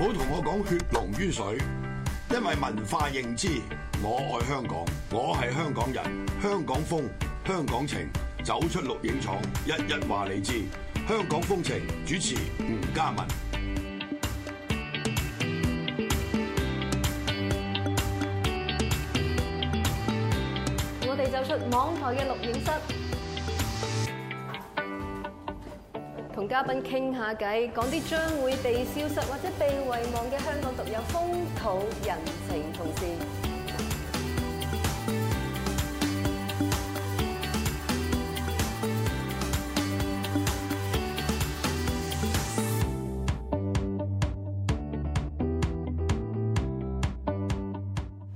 唔好同我講血濃於水，因為文化認知，我愛香港，我係香港人。香港風，香港情，走出錄影廠，一一話你知。香港風情，主持吳家文，我哋走出網台嘅錄影室。同嘉賓傾下偈，講啲將會被消失或者被遺忘嘅香港獨有風土人情。同事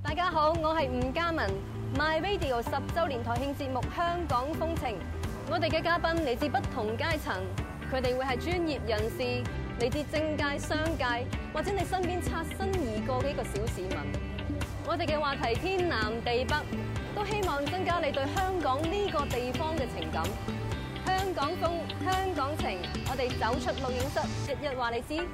大家好，我係吳嘉文 My Radio 十週年台慶節目《香港風情》，我哋嘅嘉賓嚟自不同階層。佢哋會係專業人士，嚟自政界、商界，或者你身邊擦身而過嘅一個小市民。我哋嘅話題天南地北，都希望增加你對香港呢個地方嘅情感。香港風、香港情，我哋走出錄影室，日日話你知。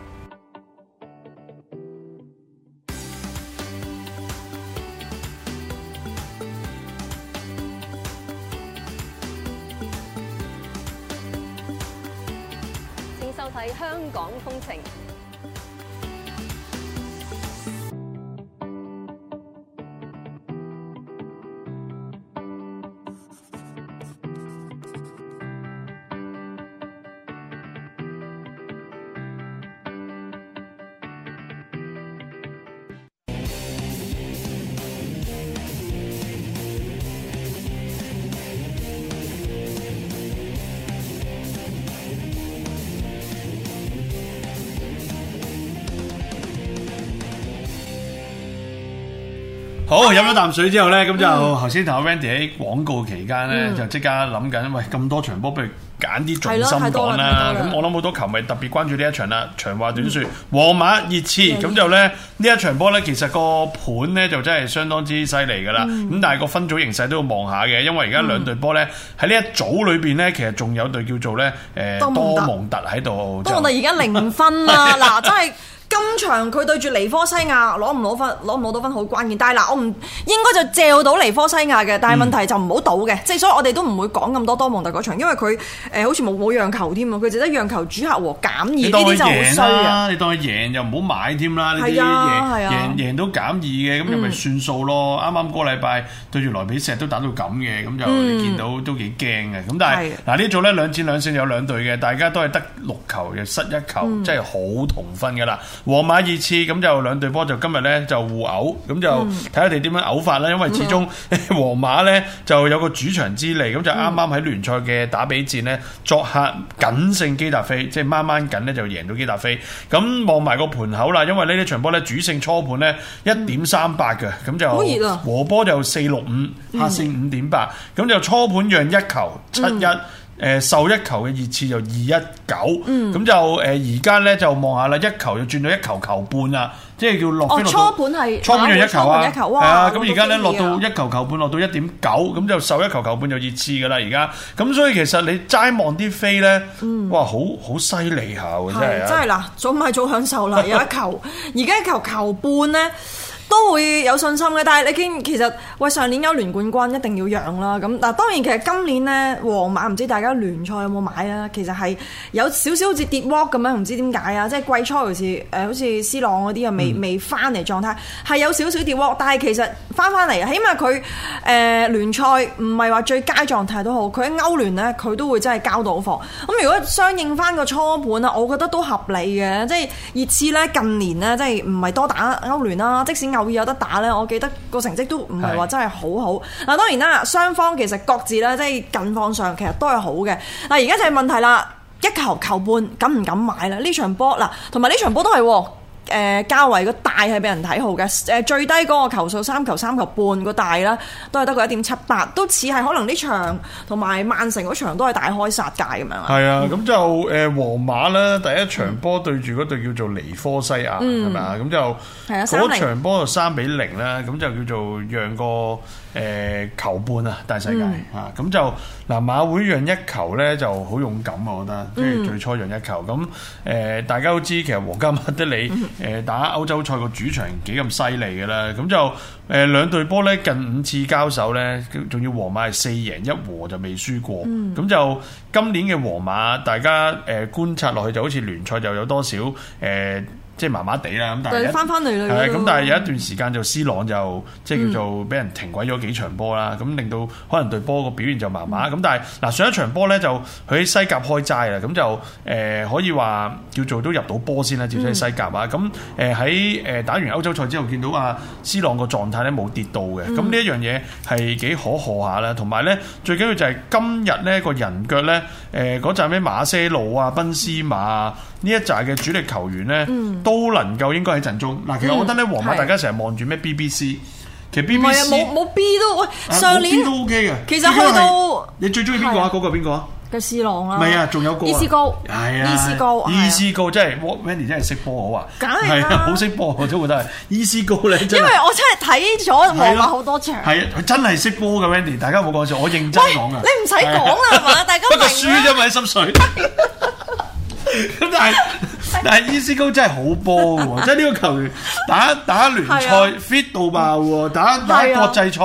係香港風情。哦，飲咗啖水之後咧，咁就頭先同阿 Randy 喺廣告期間咧，就即刻諗緊，喂咁多場波，不如揀啲重心講啦。咁我諗好多球迷特別關注呢一場啦。長話短説，皇馬熱刺咁就咧，呢一場波咧，其實個盤咧就真係相當之犀利噶啦。咁但係個分組形勢都要望下嘅，因為而家兩隊波咧喺呢一組裏邊咧，其實仲有隊叫做咧，誒多蒙特喺度。多蒙特而家零分啦！嗱，真係。今場佢對住尼科西亞攞唔攞分攞唔攞到分好關鍵，但係嗱我唔應該就借到尼科西亞嘅，但係問題就唔好賭嘅，即係、嗯、所以我哋都唔會講咁多多蒙特嗰場，因為佢誒、呃、好似冇冇讓球添喎，佢就得讓球主客和減二呢啲就好衰啦，你當佢贏又唔好買添啦，係啊係啊，啊贏贏到減二嘅咁又咪算數咯，啱啱個禮拜對住萊比錫都打到咁嘅，咁就見到都幾驚嘅，咁但係嗱呢組呢兩戰兩勝有兩隊嘅，大家都係得六球又失一球，嗯、真係好同分噶啦。皇馬熱刺咁就兩隊波就今日咧就互毆，咁就睇下佢哋點樣毆法啦，因為始終皇馬咧就有個主場之利，咁就啱啱喺聯賽嘅打比戰咧作客緊勝基達菲，即係掹掹緊咧就贏到基達菲。咁望埋個盤口啦，因為呢啲場波咧主勝初盤咧一點三八嘅，咁就和波就四六五客勝五點八，咁就、嗯、初盤讓一球七一。1, 嗯誒受一球嘅熱刺就二一九，咁就誒而家咧就望下啦，一球就轉到一球球半啦，即係叫落。哦，初盤係初盤就一球啊，係啊，咁而家咧落到一球球半，落到一點九，咁就受一球球半就熱刺㗎啦。而家咁所以其實你齋望啲飛咧，哇，好好犀利下㗎，真係真係嗱，早買早享受啦，有一球，而家一球球半咧。都會有信心嘅，但係你見其實喂上年歐聯冠軍一定要讓啦，咁嗱，當然其實今年呢，皇馬唔知大家聯賽有冇買啦。其實係有少少好似跌蝸咁樣，唔知點解啊？即係季初時誒，好似斯朗嗰啲啊，未未翻嚟狀態，係、嗯、有少少跌蝸，但係其實翻翻嚟，起碼佢誒、呃、聯賽唔係話最佳狀態都好，佢喺歐聯呢，佢都會真係交到貨。咁如果相應翻個初盤啊，我覺得都合理嘅，即係熱刺呢，近年呢，即係唔係多打歐聯啦，即使後有得打呢，我記得個成績都唔係話真係好好。嗱，是的 當然啦，雙方其實各自咧，即係近況上其實都係好嘅。嗱，而家就係問題啦，一球球半敢唔敢買啦？呢場波嗱，同埋呢場波都係。誒較、呃、為個大係俾人睇好嘅，誒、呃、最低嗰個球數三球三球半個大啦，都係得個一點七八，都似係可能呢場同埋曼城嗰場都係大開殺戒咁樣，嗯。係啊，咁就誒皇馬咧第一場波對住嗰隊叫做尼科西亞係咪啊？咁、嗯、就嗰場波就三比零啦，咁就叫做讓過。誒、呃、球半啊，大世界嚇，咁就嗱馬會讓一球呢就好勇敢、啊，我覺得跟住、嗯、最初讓一球咁誒、呃，大家都知其實皇家馬德里、嗯呃、打歐洲賽個主場幾咁犀利噶啦，咁就誒、呃、兩隊波呢，近五次交手呢，仲要皇馬係四贏一和就未輸過，咁、嗯、就今年嘅皇馬大家誒、呃、觀察落去就好似聯賽又有多少誒？呃呃即係麻麻地啦，咁但係翻翻嚟啦。咁，但係有，有一段時間、嗯、就 C 朗就即係叫做俾人停鬼咗幾場波啦，咁、嗯、令到可能隊波個表現就麻麻。咁、嗯、但係嗱上一場波咧就佢喺西甲開齋啦，咁就誒可以話叫做都入到波先啦，至少喺西甲啊。咁誒喺誒打完歐洲賽之後，見到阿 C 朗個狀態咧冇跌到嘅，咁呢、嗯、一樣嘢係幾可賀下啦。同埋咧最緊要就係今日咧個人腳咧誒嗰陣咩馬些路啊、賓斯馬啊。呢一紮嘅主力球員咧，都能夠應該喺陣中。嗱，其實我覺得咧，皇馬大家成日望住咩 BBC，其實 BBC 冇冇 B 都喂，上年都 OK 嘅。其實去到你最中意邊個啊？嗰個邊個啊？個 C 朗啊？唔係啊，仲有個伊斯高，係啊，伊斯高，伊斯高真係，Wendy 真係識波，好啊。梗係啊，好識波我都覺得係伊斯高咧，因為我真係睇咗皇馬好多場，係佢真係識波嘅 Wendy，大家冇講笑，我認真講啊，你唔使講啦，大家不過輸咗咪心水。咁但係但係伊斯高真係好波嘅，即係呢個球員打打聯賽 fit 到爆，打打國際賽，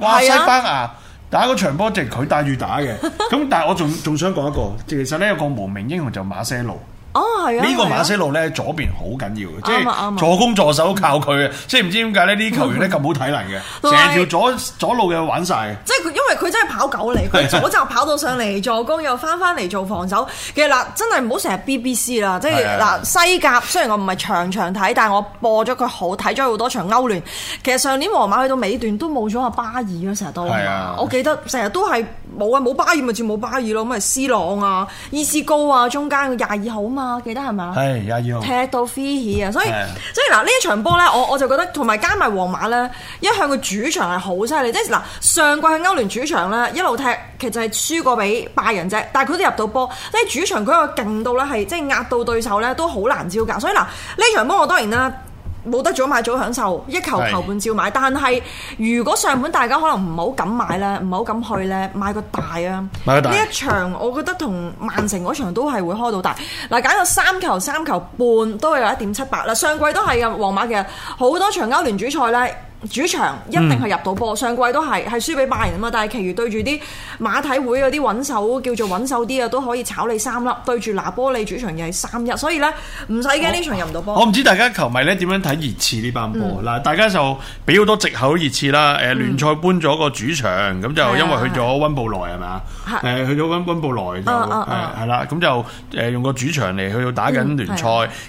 哇，西班牙打個場波淨係佢帶住打嘅。咁但係我仲仲想講一個，即其實咧有個無名英雄就馬西路。哦，係啊，呢個馬西路咧左邊好緊要嘅，即係助攻助手靠佢嘅。即係唔知點解咧呢啲球員咧咁好體能嘅，成條左左路嘅玩晒。佢真係跑狗嚟，佢 早就跑到上嚟助攻，又翻翻嚟做防守。其實嗱，真係唔好成日 B B C 啦，即係嗱西甲。雖然我唔係場場睇，但係我播咗佢好睇咗好多場歐聯。其實上年皇馬去到尾段都冇咗阿巴爾咯，成日都，係是啊！我記得成日都係冇啊，冇巴爾咪住冇巴爾咯，咁咪 C 朗啊、伊斯高啊、中間廿二號嘛，記得係咪？係廿二號踢到 f r e 啊！所以即是、啊、以嗱呢一場波咧，我我就覺得同埋加埋皇馬咧，一向個主場係好犀利。即係嗱，上季喺歐聯主主場呢一路踢，其實係輸過俾拜仁啫，但係佢都入到波。即係主場佢個勁度呢係即係壓到對手呢，都好難招架。所以嗱，呢場波我當然啦，冇得早買早享受，一球球半照買。是 但係如果上盤大家可能唔好咁買呢，唔好咁去呢，買個大啊！買大呢一場，我覺得同曼城嗰場都係會開到大。嗱，揀個三球三球半都係有一點七八。嗱，上季都係啊，皇馬嘅好多場歐聯主賽呢。主場一定係入到波，上季都係係輸俾拜仁啊嘛，但係其餘對住啲馬體會嗰啲穩守叫做穩守啲啊，都可以炒你三粒。對住拿波利主場又係三一，所以咧唔使驚呢場入唔到波。我唔知大家球迷咧點樣睇熱刺呢班波嗱，大家就俾好多藉口熱刺啦。誒聯賽搬咗個主場，咁就因為去咗温布萊係咪啊？誒去咗温温布萊就係啦，咁就誒用個主場嚟去到打緊聯賽，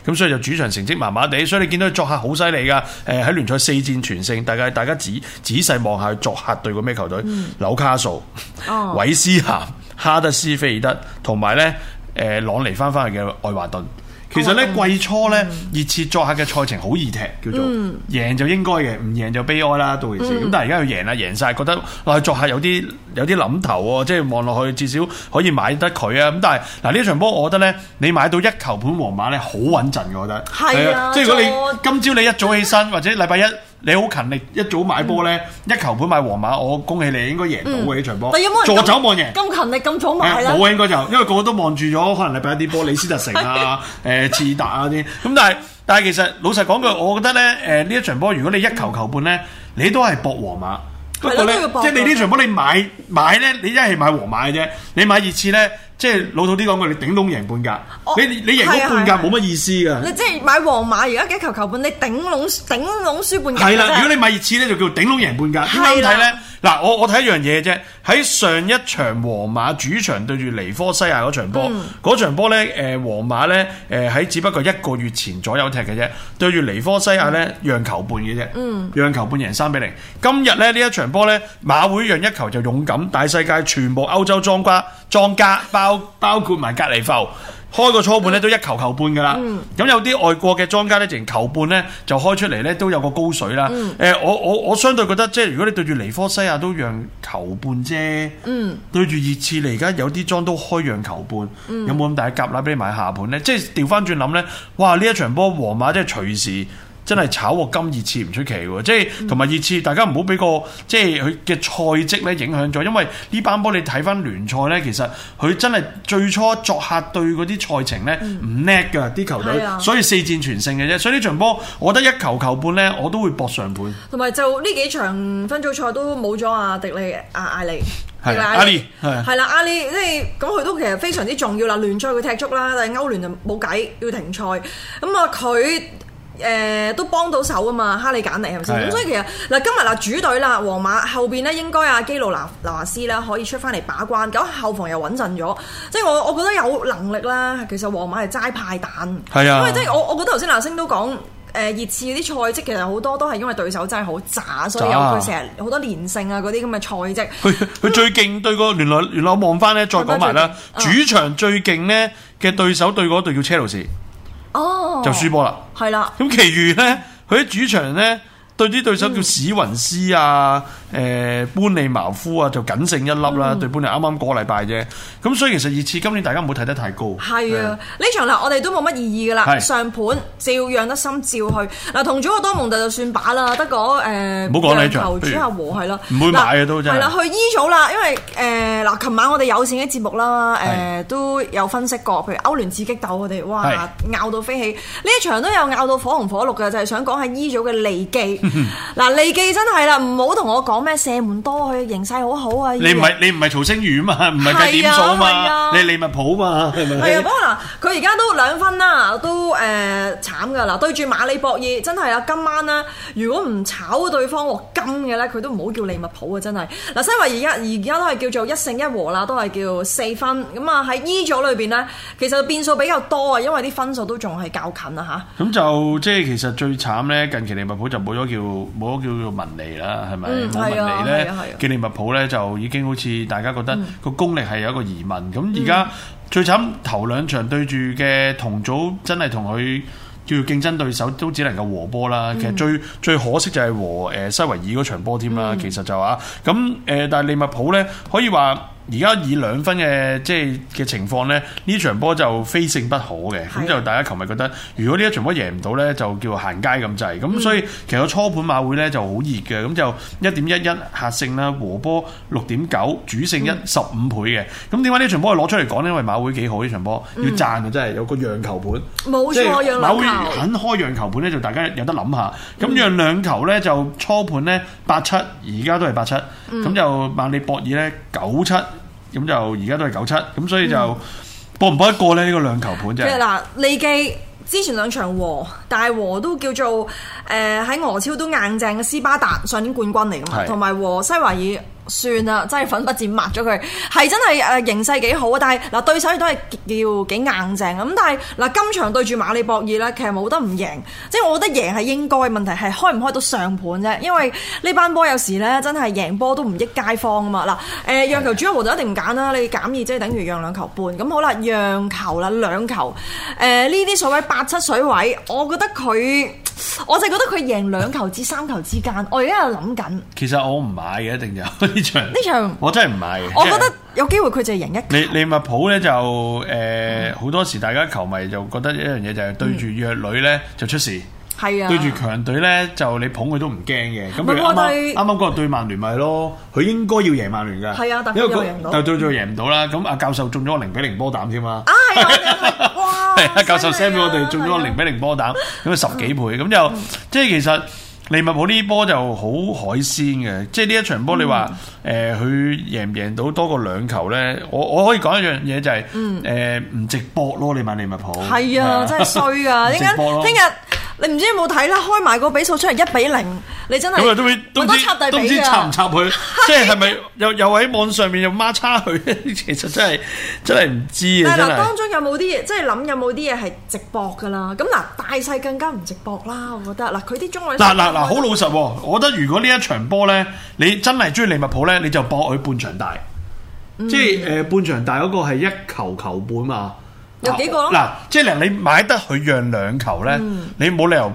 咁所以就主場成績麻麻地，所以你見到作客好犀利㗎。誒喺聯賽四戰全勝。大家大家仔仔細望下作客對個咩球隊？紐、嗯、卡素、韋、哦、斯咸、哈德斯菲爾德同埋咧，誒、呃、朗尼翻翻去嘅愛華頓。其實咧季初咧熱刺作客嘅賽程好易踢，叫做贏就應該嘅，唔贏就悲哀啦，多謝先。咁、嗯、但係而家要贏啦，贏晒，覺得嗱作客有啲有啲諗頭喎，即係望落去至少可以買得佢啊。咁但係嗱呢場波，我覺得咧你買到一球盤皇馬咧好穩陣，我覺得係啊。啊即係如果你坐今朝你一早起身或者禮拜一。嗯你好勤力，一早買波咧，嗯、一球半買皇馬，我恭喜你應該贏到嘅呢、嗯、場波。但有冇人助走望贏，咁勤力，咁早買啦？冇啊、哎，應該就，因為個個都望住咗，可能禮拜一啲波，里斯特城啊，誒、 呃，次達啊啲。咁但係，但係其實老實講句，我覺得咧，誒呢一場波，如果你一球球半咧，你都係搏皇馬。的不過咧，即係你呢場波你買買咧，你一係買皇馬嘅啫，你買熱刺咧。即係老土啲講句，你頂籠贏半格，哦、你你贏咗半格冇乜意思㗎。你即係買皇馬而家幾球球半，你頂籠頂籠輸半格。係啦，如果你買熱刺咧，就叫做頂籠贏半格。點解要睇咧？嗱，我我睇一樣嘢啫。喺上一場皇馬主場對住尼科西亞嗰場波，嗰、嗯、場波咧，誒皇馬咧，誒、呃、喺只不過一個月前左右踢嘅啫。對住尼科西亞咧，讓球半嘅啫，嗯、讓球半贏三比零。今日咧呢一場波咧，馬會讓一球就勇敢，大世界全部歐洲莊家。莊家包包括埋隔離埠，開個初盤咧都一球球半噶啦。咁、嗯、有啲外國嘅莊家咧，直情球半咧就開出嚟咧都有個高水啦。誒、嗯欸，我我我相對覺得，即係如果你對住尼科西亞都讓球半啫，嗯、對住熱刺嚟，而家有啲莊都開讓球半，嗯、有冇咁大夾拉俾你買下盤咧？即係調翻轉諗咧，哇！呢一場波，皇馬真係隨時。真係炒個金熱刺唔出奇喎，即係同埋熱刺，大家唔好俾個即係佢嘅賽績咧影響咗，因為呢班波你睇返聯賽咧，其實佢真係最初作客對嗰啲賽程咧唔叻嘅啲球隊，所以四戰全勝嘅啫。所以呢場波，我覺得一球球半咧，我都會搏上半。同埋就呢幾場分組賽都冇咗阿迪利阿阿、啊、利，係阿、啊啊、利係啦，阿利即係咁佢都其實非常之重要啦。聯賽佢踢足啦，但係歐聯就冇計要停賽咁啊佢。誒、呃，都幫到手啊嘛，哈利簡尼係咪先？咁是的、嗯、所以其實嗱，今日嗱主隊啦，皇馬後邊咧應該阿基路拿拿斯咧可以出翻嚟把關，咁後防又穩陣咗，即係我我覺得有能力啦。其實皇馬係齋派蛋，係啊，因為即係我我覺得頭先阿聲都講，誒熱刺嗰啲賽績其實好多都係因為對手真係好渣，差啊、所以有佢成日好多連勝是是啊嗰啲咁嘅賽績。佢最勁對個原來原來望翻咧再講埋啦，主場最勁呢嘅對手對嗰隊叫車路士。哦，oh, 就輸波啦，係啦了。咁其餘咧，佢喺主場咧。對啲對手叫史雲斯啊，誒，班尼茅夫啊，就僅剩一粒啦。對班利啱啱個禮拜啫，咁所以其實熱刺今年大家唔好睇得太高。係啊，呢場啦，我哋都冇乜意義噶啦。上盤照樣得心照去。嗱，同組嘅多蒙特就算把啦，得個誒，唔好講呢場，主客和係咯。唔會買嘅都真係。係啦，去 E 組啦，因為誒，嗱，琴晚我哋有線嘅節目啦，誒，都有分析過，譬如歐聯刺激鬥我哋，哇，拗到飛起。呢場都有拗到火紅火綠嘅，就係想講下 E 組嘅利記。嗱、 嗯、利記真係啦，唔好同我講咩射門多，佢形勢好好啊！你唔係你唔係曹星如嘛？唔係計點數嘛？啊啊、你利物浦嘛？係咪？係啊，不過嗱，佢而家都兩分啦、啊，都誒慘噶啦！對住馬里博爾真係啊，今晚咧如果唔炒對方落、哦、金嘅咧，佢都唔好叫利物浦啊！真係嗱，西華而家而家都係叫做一勝一和啦，都係叫四分咁啊！喺、嗯、E 組裏邊呢，其實變數比較多啊，因為啲分數都仲係較近啊吓。咁就即係其實最慘咧，近期利物浦就冇咗。叫冇叫做文尼啦，係咪冇文尼呢？叫、啊啊啊、利物浦呢，就已經好似大家覺得個功力係有一個疑問。咁而家最慘頭兩場對住嘅同組，真係同佢叫競爭對手都只能夠和波啦。嗯、其實最最可惜就係和誒西維爾嗰場波添啦。嗯、其實就啊，咁誒，但係利物浦呢，可以話。而家以兩分嘅即係嘅情況咧，呢場波就非勝不可嘅。咁就大家琴日覺得，如果呢一場波贏唔到咧，就叫行街咁滯。咁所以其實個初盤馬會咧就好熱嘅。咁就一點一一客勝啦，和波六點九主勝一十五倍嘅。咁點解呢場波攞出嚟講呢？因為馬會幾好呢場波，要賺啊真係有個讓球盤。冇錯，馬會肯開讓球盤咧，就大家有得諗下。咁讓兩球咧就初盤咧八七，而家都係八七。咁就馬利博爾咧九七。咁就而家都係九七，咁所以就博唔博得過咧？呢個兩球盤啫。嗱，嗯，就係喇，利記之前兩場和，但和都叫做誒喺、呃、俄超都硬淨嘅斯巴達，上年冠軍嚟噶嘛，同埋係和西華爾。算啦，真係粉筆字抹咗佢，係真係誒、呃、形勢幾好啊！但係嗱、呃、對手亦都係叫幾硬淨咁，但係嗱、呃、今場對住馬里博爾咧，其實冇得唔贏，即係我覺得贏係應該，問題係開唔開到上盤啫。因為呢班波有時咧真係贏波都唔益街坊啊嘛！嗱、呃、誒 Okay.、呃、讓球主和就一定唔減啦唔揀，你減二即係等於讓兩球半咁好啦，讓球啦兩球誒呢啲所謂八七水位，我覺得佢。我就覺得佢贏兩球至三球之間，我而家又諗緊。其實我唔買嘅，一定有呢場。呢場我真係唔買嘅。我覺得有機會佢就係贏一球。你你咪捧咧，就誒，好多時大家球迷就覺得一樣嘢，就係對住弱女咧就出事。係啊，對住強隊咧就你捧佢都唔驚嘅。咁啱啱啱啱嗰個對曼聯咪咯，佢應該要贏曼聯噶。係啊，但係又贏唔到，又對住贏唔到啦。咁阿教授中咗零比零波膽添嘛。啊，係啊。教授 send 俾我哋、啊、中咗個零比零波膽，咁啊 十幾倍，咁就、嗯、即係其實利物浦呢波就好海鮮嘅，即係呢一場波你話誒，佢贏唔贏到多過兩球咧？我我可以講一樣嘢，就係、嗯、誒，唔直播咯，你買利物浦係啊，真係衰啊，聽日聽日。你唔知有冇睇啦，開埋個比數出嚟一比零，你真係我都插大比啊！都唔知插唔插佢， 即係係咪又又喺網上面又孖叉佢？ 其實真係真係唔知啊！嗱啦，的當中有冇啲嘢，即係諗有冇啲嘢係直播噶啦？咁嗱，大細更加唔直播啦，我覺得嗱，佢啲中位嗱嗱嗱，好老實、啊，我覺得如果呢一場波咧，你真係中意利物浦咧，你就博佢半場大，嗯、即係誒、呃、半場大嗰個係一球球半啊。有幾個嗱、啊，即係你買得佢讓兩球呢，嗯、你冇理由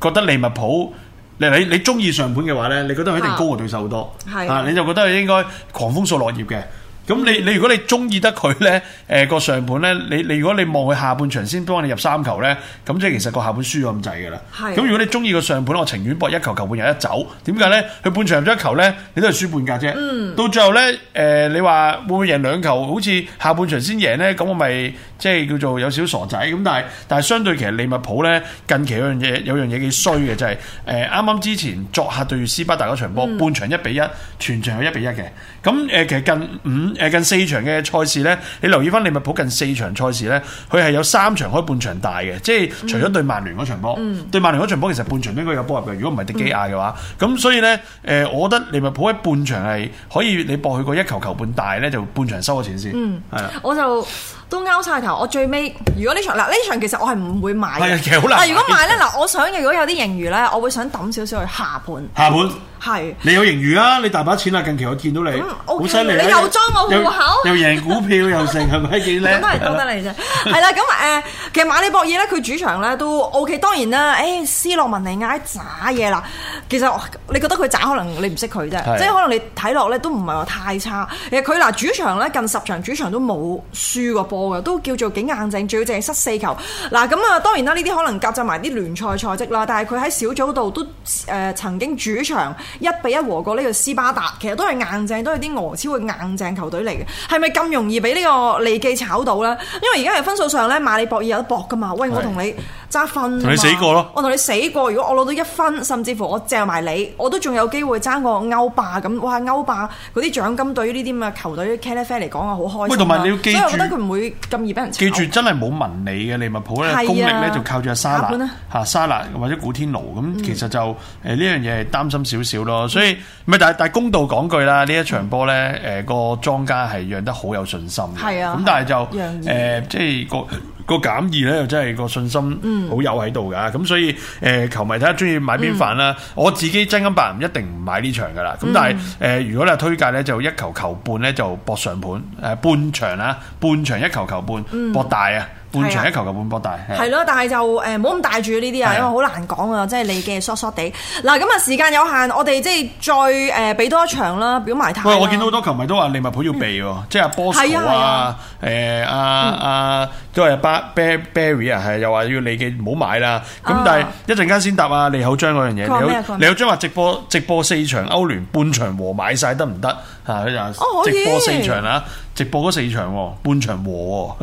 覺得利物浦，你你你中意上盤嘅話呢，你覺得佢一定高過對手好多，係啊，你就覺得佢應該狂風掃落葉嘅。咁你你如果你中意得佢咧，誒、呃、個上盤咧，你你如果你望佢下半場先幫你入三球咧，咁即係其實個下盤輸咗咁滯㗎啦。係的。咁如果你中意個上盤，我情願搏一球球半日一走。點解咧？佢半場入咗一球咧，你都係輸半格啫。嗯、到最後咧，誒、呃、你話會唔會贏兩球？好似下半場先贏咧，咁我咪即係叫做有少少傻仔。咁但係但係相對其實利物浦咧，近期有樣嘢有樣嘢幾衰嘅就係誒啱啱之前作客對住斯巴達嗰場波，嗯、半場一比一，全場係一比一嘅。咁誒其實近五誒近四場嘅賽事咧，你留意翻利物浦近四場賽事咧，佢係有三場開半場大嘅，即係除咗對曼聯嗰場波，嗯、對曼聯嗰場波其實半場應該有波入嘅，如果唔係迪基亞嘅話，咁、嗯、所以咧，誒，我覺得利物浦喺半場係可以，你博佢個一球球半大咧，就半場收咗錢先。嗯，係啊，我就都拗晒頭，我最尾如果呢場嗱呢場其實我係唔會買，其實好難。但係如果買咧嗱， 我想如果有啲盈餘咧，我會想抌少少去下盤。下盤。係，是你有盈餘啊！你大把錢啊！近期我見到你，好犀利！你又裝我戶口， 又贏股票又勝，係咪幾靚？咁都係多得你啫。係啦，咁誒，其實馬里博爾咧，佢主場咧都 OK。當然啦，誒、欸，斯洛文尼亞渣嘢啦。其實你覺得佢渣，可能你唔識佢啫。是即係可能你睇落咧都唔係話太差。其實佢嗱主場咧近十場主場都冇輸過波㗎，都叫做幾硬淨。仲要淨係失四球。嗱咁啊，當然啦，呢啲可能夾雜埋啲聯賽賽績啦。但係佢喺小組度都誒曾經主場。一比一和過呢個斯巴達，其實都係硬淨，都係啲俄超嘅硬淨球隊嚟嘅，係咪咁容易俾呢個利記炒到咧？因為而家喺分數上咧，馬里博爾有得搏㗎嘛，喂，我同你。揸分，同你死過咯！我同你死過，如果我攞到一分，甚至乎我掟埋你，我都仲有機會爭個歐霸咁。哇！歐霸嗰啲獎金對於呢啲咁嘅球隊嘅茄喱啡嚟講啊，好開心。喂，同埋你要記住，所以我覺得佢唔會咁易俾人。記住，真係冇文理嘅利物浦咧，功、啊、力咧就靠住阿、啊、沙拿嚇，沙拿或者古天奴咁，其實就誒呢樣嘢係擔心少少咯。所以唔係，嗯、但係但係公道講句啦，呢一場波咧，誒個、嗯呃、莊家係讓得好有信心嘅。啊，咁但係就誒人、嗯，即係個。嗯嗯嗯個減二咧，又真係個信心好有喺度噶，咁所以誒球迷睇下鍾意買邊範啦。我自己真金白銀一定唔買呢場噶啦。咁但係誒，如果你推介咧，就一球球半咧，就博上盤誒半場啦，半場一球球半博大啊，半場一球球半博大。係咯，但係就誒冇咁大住呢啲啊，因為好難講啊，即係你嘅索索地嗱。咁啊，時間有限，我哋即係再誒俾多一場啦，表埋態。喂，我見到好多球迷都話利物浦要避喎，即係阿波士啊，誒阿阿。都係 bar、bear、barry 啊，係又話要你嘅唔好買啦。咁但係一陣間先答啊，利口章嗰樣嘢。利口章話直播直播四場歐聯半場和買晒得唔得？嚇佢就直播四場啊，直播嗰四場半場和我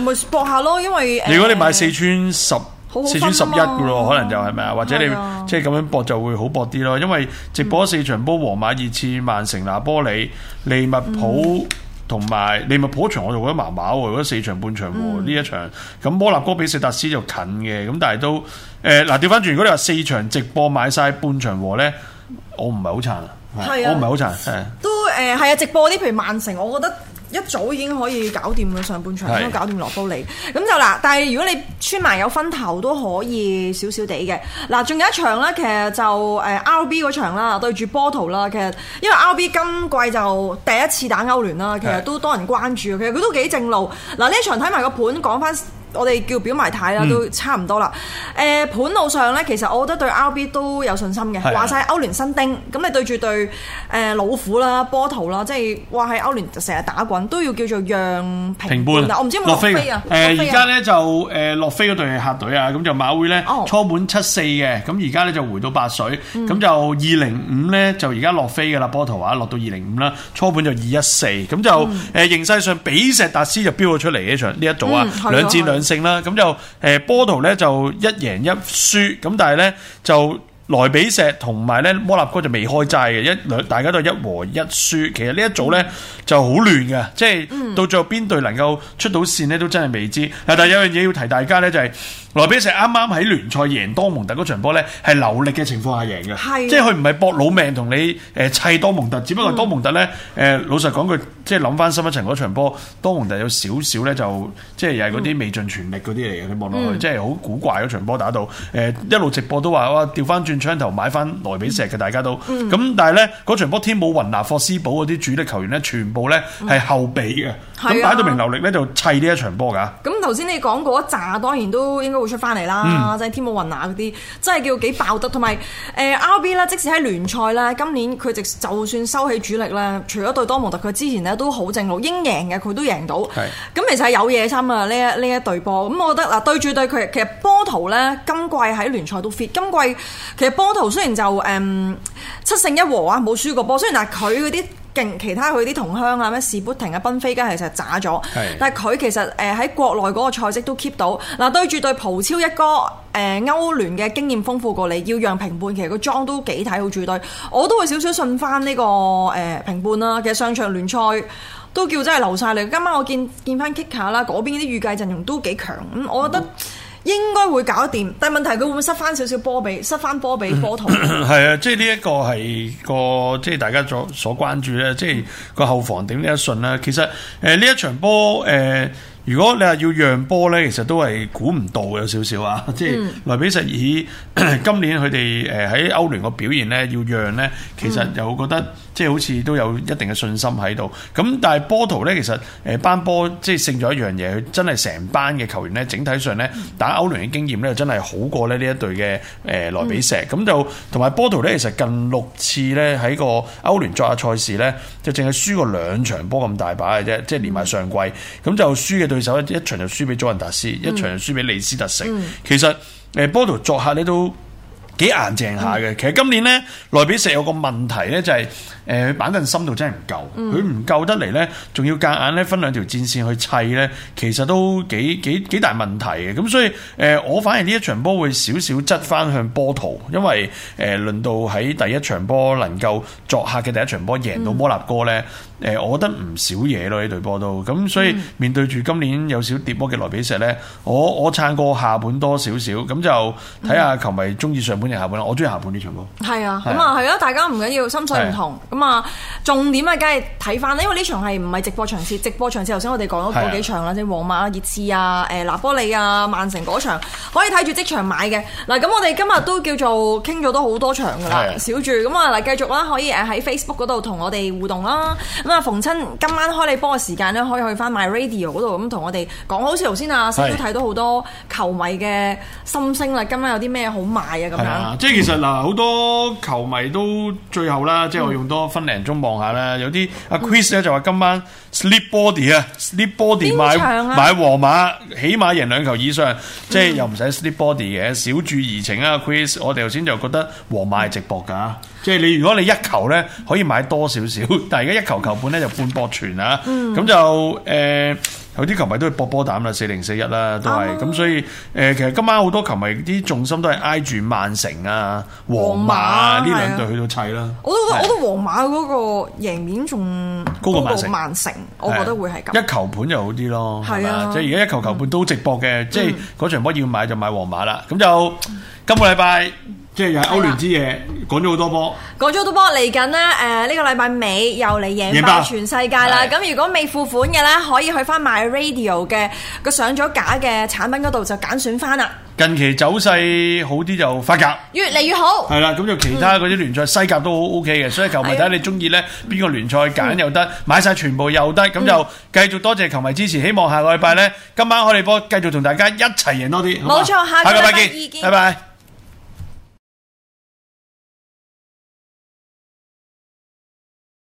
咪博下咯，因為如果你買四川十、欸、四川十一嘅咯，好好可能就係咪啊？或者你、啊、即係咁樣博就會好博啲咯，因為直播四場波、嗯、皇馬二千曼城拿波里，利物浦。嗯同埋你咪鋪一場，我就覺得麻麻喎，如果四場半場和呢、嗯、一場，咁摩納哥比塞達斯就近嘅，咁但係都誒嗱，調翻轉如果你話四場直播買晒半場和咧，我唔係好慘啊我，我唔係好慘，都誒係啊，直播啲譬如曼城，我覺得。一早已經可以搞掂啦，上半場都是搞掂，落到嚟，咁就嗱。但係如果你穿埋有分頭都可以少少啲嘅嗱。仲有一場呢，其實就誒 RB 嗰場啦，對住波圖啦，其實因為 RB 今季就第一次打歐聯啦，其實都多人關注，其實佢都幾正路嗱，呢場睇埋個盤講翻。我哋叫表埋態啦，都差唔多啦。誒盤路上咧，其實我覺得對 RB 都有信心嘅。話晒歐聯新丁，咁你對住對誒老虎啦、波圖啦，即係話喺歐聯就成日打滾，都要叫做讓平半。我唔知有冇落飛啊？誒而家咧就誒落飛嗰隊客隊啊，咁就馬會咧初盤七四嘅，咁而家咧就回到白水，咁就二零五咧就而家落飛㗎啦，波圖啊落到二零五啦，初盤就二一四，咁就誒形勢上比石達斯就飆咗出嚟呢場呢一組啊，兩戰兩勝啦，咁就誒、呃、波圖咧就一贏一輸，咁但係咧就萊比錫同埋咧摩納哥就未開齋嘅，一兩大家都係一和一輸，其實呢一組咧、嗯、就好亂嘅，即係、嗯、到最後邊隊能夠出到線咧都真係未知。啊，但係有樣嘢要提大家咧就係、是、萊比錫啱啱喺聯賽贏多蒙特嗰場波咧係流力嘅情況下贏嘅，是啊、即係佢唔係搏老命同你誒、呃、砌多蒙特，只不過多蒙特咧誒、嗯嗯、老實講句。即係諗翻深層一層嗰場波，多蒙特有少少咧，就即係又係啲未盡全力嗰啲嚟嘅。佢望落去，即係好古怪嗰場波打到。誒、呃、一路直，直播都話哇，調翻轉槍頭買翻萊比錫嘅大家都。咁、嗯、但係咧嗰場波，天舞雲拿、霍斯堡嗰啲主力球員咧，全部咧係後備嘅。咁打到名流力咧，就砌呢一場波㗎。咁頭先你講嗰一紮當然都應該會出翻嚟啦，嗯、即係天舞雲拿嗰啲，真係叫幾爆得。同埋誒 RB 啦，呃、即使喺聯賽咧，今年佢直就算收起主力咧，除咗對多蒙特，佢之前咧。都好正路，應贏嘅佢都贏到。咁是其實係有野心啊！呢一呢一隊波，咁、嗯、我覺得嗱，對住對佢，其實波圖呢，今季喺聯賽都 fit。今季其實波圖雖然就誒、嗯、七勝一和啊，冇輸過波。雖然但係佢嗰啲。勁其他佢啲同鄉啊咩士砵亭啊賓菲加其實渣咗，但係佢其實誒喺是的 國內嗰個菜式都 keep 到。嗱對住對蒲超一哥誒歐聯嘅經驗豐富過你，要讓評判其實個裝都幾睇好住對。我都會少少信翻呢個誒評判啦。其實商場聯賽都叫真係流晒嚟。今晚我見見翻 kick 卡啦，嗰邊啲預計陣容都幾強，我覺得。嗯應該會搞掂，但係問題佢會唔會塞翻少少波比？塞翻波比？波圖？係 啊，即係呢一個係個即係大家所所關注咧，即係個後防點呢一順咧。其實誒呢、呃、一場波誒。呃如果你話要讓波咧，其實都係估唔到有少少啊！嗯、即係萊比錫以今年佢哋誒喺歐聯嘅表現咧，要讓咧，其實又覺得、嗯、即係好似都有一定嘅信心喺度。咁但係波圖咧，其實誒班波即係勝咗一樣嘢，佢真係成班嘅球員咧，整體上咧打歐聯嘅經驗咧，真係好過咧呢一隊嘅誒萊比錫。咁、嗯、就同埋波圖咧，其實近六次咧喺個歐聯作下賽事咧，就淨係輸過兩場波咁大把嘅啫，即係連埋上季咁就輸嘅。佢首一場就輸俾祖雲達斯，一場就輸俾李斯特城。嗯、其實誒波圖作客咧都幾硬淨下嘅。嗯、其實今年咧萊比錫有個問題咧就係、是。誒，板凳深度真係唔夠，佢唔夠得嚟咧，仲要夾硬咧分兩條戰線去砌咧，其實都幾幾幾大問題嘅。咁所以誒，我反而呢一場波會少少側翻向波圖，因為誒，輪到喺第一場波能夠作客嘅第一場波贏到摩納哥咧，誒，我覺得唔少嘢咯呢隊波都。咁所以面對住今年有少跌波嘅萊比錫咧，我我撐過下盤多少少，咁就睇下球迷中意上盤定下盤啦。我中意下盤呢場波。係啊，咁啊係啊，大家唔緊要，心水唔同。咁啊，重點啊，梗係睇翻啦，因為呢場係唔係直播場次？直播場次，頭先我哋講咗多幾場啦，是的 即係皇馬、熱刺啊、誒、呃、拿波利啊、曼城嗰場，可以睇住即場買嘅。嗱，咁我哋今日都叫做傾咗都好多場噶啦，是的 小住。咁啊，嗱，繼續啦，可以誒喺 Facebook 嗰度同我哋互動啦。咁啊，逢親今晚開你波嘅時間咧，可以去翻 My Radio 嗰度咁同我哋講，好似頭先啊，都睇到好多球迷嘅心聲啦。是的 今晚有啲咩好買啊？咁樣，即係其實嗱，好多球迷都最後啦，即係我用多。分零鐘望下啦，有啲阿 Chris 咧就話今晚 Sleep Body 啊、嗯、，Sleep Body 買、啊、買皇馬，起碼贏兩球以上，嗯、即係又唔使 Sleep Body 嘅小注怡情啊。Chris，我哋頭先就覺得皇馬係直搏噶，即係你如果你一球咧可以買多少少，但係而家一球球半咧就半搏全啊，咁、嗯、就誒。呃有啲球迷都係搏波膽啦，四零四一啦，都係咁，嗯、所以誒、呃，其實今晚好多球迷啲重心都係挨住曼城啊、皇馬啊呢馬兩隊去到砌啦。我都覺得皇馬嗰個贏面仲高過曼城，曼城我覺得會係咁、啊。一球盤就好啲咯，係啊，即係而家一球球盤都值博嘅，嗯、即係嗰場波要買就買皇馬啦。咁就今個禮拜。嗯即係又係歐聯之夜，講咗好多波，講咗好多波。嚟緊咧，誒呢個禮拜尾又嚟贏翻全世界啦！咁如果未付款嘅呢，可以去翻 MyRadio 嘅個上咗架嘅產品嗰度就揀選翻啦。近期走勢好啲就法甲，越嚟越好。係啦，咁就其他嗰啲聯賽西甲都好 OK 嘅，所以球迷睇下你中意呢邊個聯賽揀又得，買晒全部又得，咁就繼續多謝球迷支持。希望下個禮拜呢，今晚開你波，繼續同大家一齊贏多啲。冇錯，下個禮拜見，拜拜。